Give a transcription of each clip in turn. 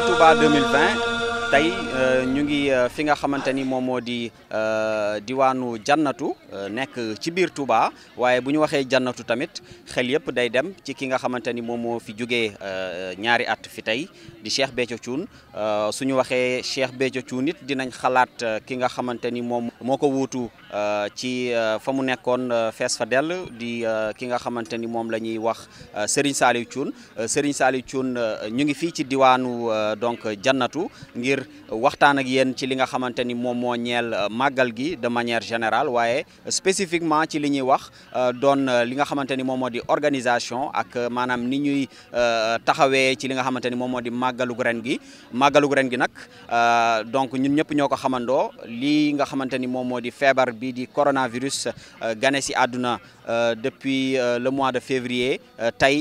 Magal Touba 2020 tey euh, ñu ngi euh, fi nga xamante ni moom moo di euh, diwaanu jannatu nekk ci biir Touba waaye bu ñu waxee jannatu tamit xel yëpp day dem ci ki nga xamante ni moom moo fi jógee ñaari at fi tey di Cheikh Béthio su ñu waxee Cheikh Béthio Thioune it dinañ xalaat ki nga xamante ni moom moo ko wuutu Euh, ci euh, famu mu euh, fess fa del di ki nga xamanteni mom lañuy wax Serigne Saliou Thioune Serigne Saliou Thioune ñu ngi fi ci diwanu donc jannatu ngir waxtaan ak yeen ci li nga xamanteni mom mo ñeel magal gi de manière générale waye spécifiquement ci li ñuy wax don li nga xamanteni mom modi organisation ak manam ni ñuy taxawé ci li nga xamanteni mom modi magalu gren gi magalu gren gi nak donc ñun ñëpp ñoko xamando li nga xamanteni mom modi febar bii di coronavirus eh, gane si àdduna Euh, depuis euh, le mois de février euh, tey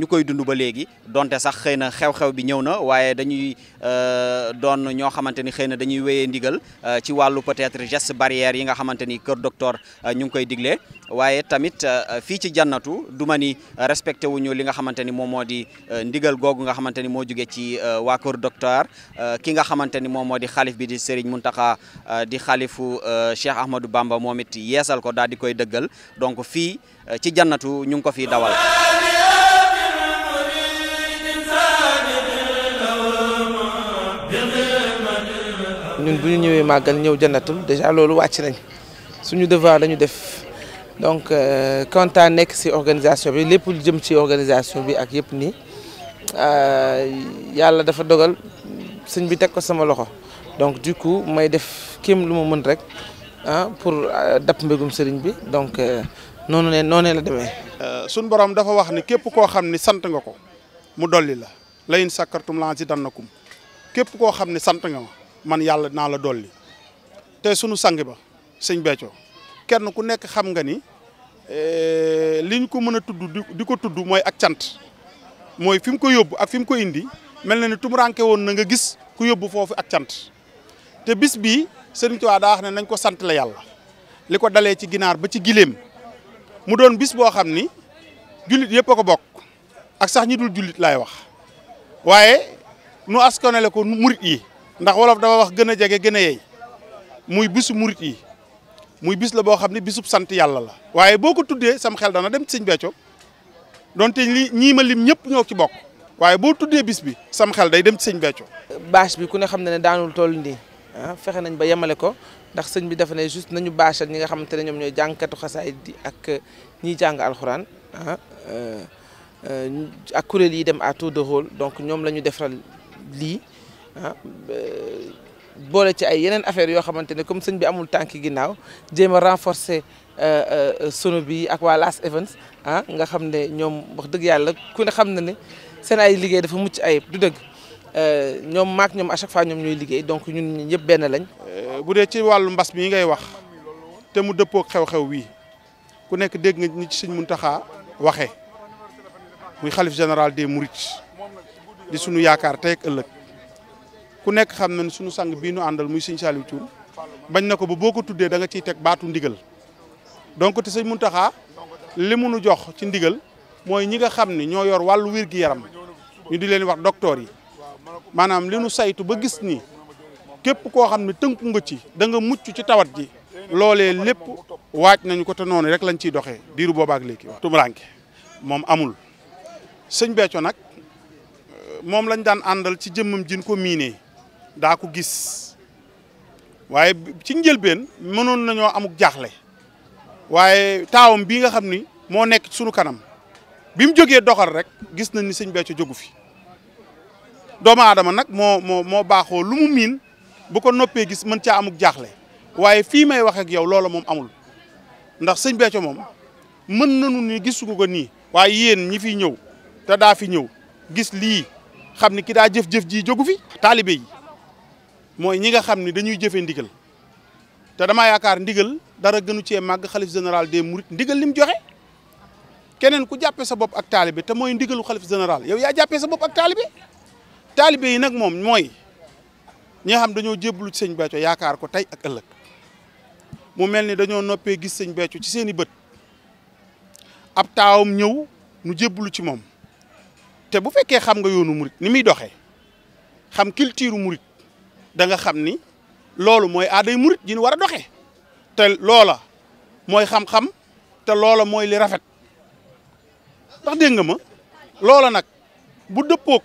ñu koy dund ba léegi donte sax xëy na xew-xew bi ñëw na waaye dañuy doon ñoo xamante ni xëy na dañuy wéyee ndigal ci wàllu peut-être gest barrière yi nga xamante ni kër docteur ñu ngi koy diglee waaye tamit fii ci jannatu du ma ni respecté wuñu li nga xamante ni moom moo di ndigal googu nga xamante ni moo jóge ci waa kër docteur ki nga xamante ni moom moo di xalif bi di Serigne Mountakha di xalifu Cheikh Ahmadou Bamba moom it yeesal ko daal di koy dëggal fii eh, ci jannatu ñu ngi ko fi dawal ñun bu ñu ñëwee màggal ñëw jannatul déjà loolu wàcc nañ suñu devoir lañu def donc euh, quant à nekk ci organisation bi lépp jëm ci organisation bi ak yëpp nii euh, yàlla dafa dogal sëñ bi teg ko sama loxo donc du coup may def kéem lu ma mën rek ah, pour euh, dab mbégum sëriñ bi donc nonu ne noné la demee. Euh, suñ borom dafa wax ni képp ko xamni sant nga ko mu doli la layin sakkartum laa si képp ko xamni sant nga man yalla na la doli te sunu sangi ba sëñ Béthio kenn ku nekk xam nga ni euh, liñ ko mëna a diko tuddu moy ak tiant moy fim ko yobbu ak fim ko indi melna ni tum ranké won na nga gis ku yobbu fofu ak tiant te bis bi Sëriñ touba da wax ne nañ ko sant la yalla liko dalé ci ginar ba ci gilem mu doon bis boo xam ni jullit yëpp a ko bokk ak sax ñi dul jullit laay wax waaye nu askanale ko murit yi ndax wolof dafa wax gën a jege gën a yey muy bisu murit yi muy bis la boo xam ne bisub sant yàlla la. waaye boo ko tuddee sam xel dana dem ci sëñ Béthio donte li ñii ma lim ñëpp ñoo ci bokk waaye boo tuddee bis bi sam xel day dem ci sëñ Béthio. bâche bi ku ne xam ne ne daanul toll nii. Ah, fexe nañ ba yemale ko ndax sëñ bi dafa ne juste nañu bâchal ñi nga xamante ne ñoom ñooy jàngkatu xasaay di ak euh, ñiy jàng alxuraan ah euh, euh, ak kuréel yi dem à tout de rôle donc ñoom la ñu defaral lii ah boole ci ay yeneen affaire yoo xamante ne comme sëñ bi amul tànk ginnaaw jéem a renforcer sono bi ak waa Las Evans ah, nga xam ne ñoom wax dëgg yàlla ku ne xam na ne seen ay liggéey dafa mucc ay du dëgg. Euh, ñoom mak ñoom à chaque fois nyom ñooy liggéey donc ñun ñëpp benn lañ. Euh, bu dee ci wàllu mbas mi ngay wax te mu dëppoo xew-xew wi ku nekk dégg nga ni ci sëñ Muntaxa waxee muy xalif général des Mourides di sunu yaakaar tey ak ëllëg ku nekk xam na ne sunu sang bii nu àndal muy sëñ Saliou Thioune bañ na bu ba boo da nga ciy ndigal donc jox ci ndigal ñi nga ñu di leen wax docteur yi. maanaam li nu saytu ba gis ni képp koo xam ne tënku nga ci danga mucc ci tawat ji loole lépp waaj nañu ko te noonu rek lañ ciy doxee diiru boobaak léegi wax tumuranke moom amul sëñ Béthio nag euh, moom lañ daan àndal ci jëmmam jin ko miinee daa ko gis waaye ci njëlbeen mënoon nañoo amuk jaaxle waaye taawam bii nga xam ni moo nekk sunu kanam bi mu jógee doxal rek gis nañ ni sëñ Béthio jógu fi doomu aadama nag moo moo moo baaxoo lu mu miin bu ko noppee gis mën caa amuk jaaxle waaye fii may wax ak yow loola moom amul ndax sëñ Béthio moom mën nañu ni gisugu ko nii waaye yéen ñi fi ñëw te daa fi ñëw gis lii xam ni ki daa jëf-jëf ji jógu fi taalibe yi mooy ñi nga xam ni dañuy jëfe ndigal te damaa yaakaar ndigal dara gënu cee màgg xalif général des mourides ndigal li mu joxe keneen ku jàppe sa bopp ak taalibe te mooy ndigalu xalif général yow yaa jàppee sa bopp ak taalibe talibe yi nag moom mooy ñi nga xam dañoo jébbalu ci sëñ Béthio yaakaar ko tey ak ëllëg mu mel ni dañoo noppee gis sëñ Béthio ci seeni bët ab taawam ñëw nu jébbalu ci moom te bu fekkee xam nga yoonu murit ni muy doxee xam culture murit danga xam ni loolu mooy aaday murit ji ñu war a doxee te loola mooy xam-xam te loola mooy li rafet ndax dégg nga ma loola nag bu dëppook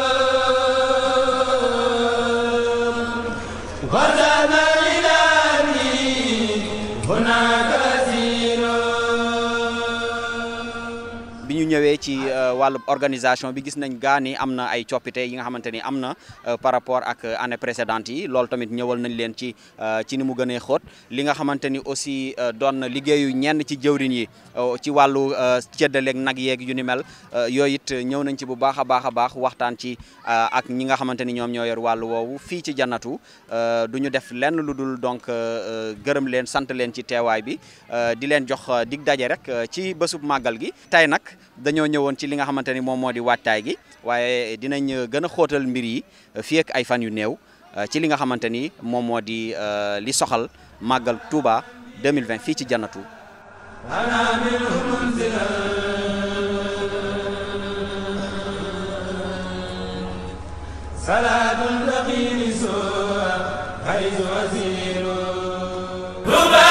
Varda wàllub organisation bi gis nañ gaa ni am na ay coppite yi nga xamante ni am na euh, par rapport ak euh, année précédente yi loolu tamit ñëwal nañ leen ci euh, ci ni mu gënee xoot li nga xamante ni aussi doon na liggéeyu ñenn ci jëwrin yi ci wàllu ceddaleeg nag yeeg yu ni mel yooyu it ñëw nañ ci bu baax a baax a baax waxtaan ci ak ñi nga xamante ni ñoom ñoo yor wàllu woowu fii ci jannatu du ñu def lenn lu dul donc gërëm leen sant leen ci teewaay bi di leen jox dig daje rek ci bésub màggal gi xamanteni mom modi wattay gi waye dinañ euh, gëna xotal mbir yi euh, fi ak ay fan yu néew euh, ci li nga xamanteni mom modi li soxal magal Touba 2020 fi ci jannatu salaat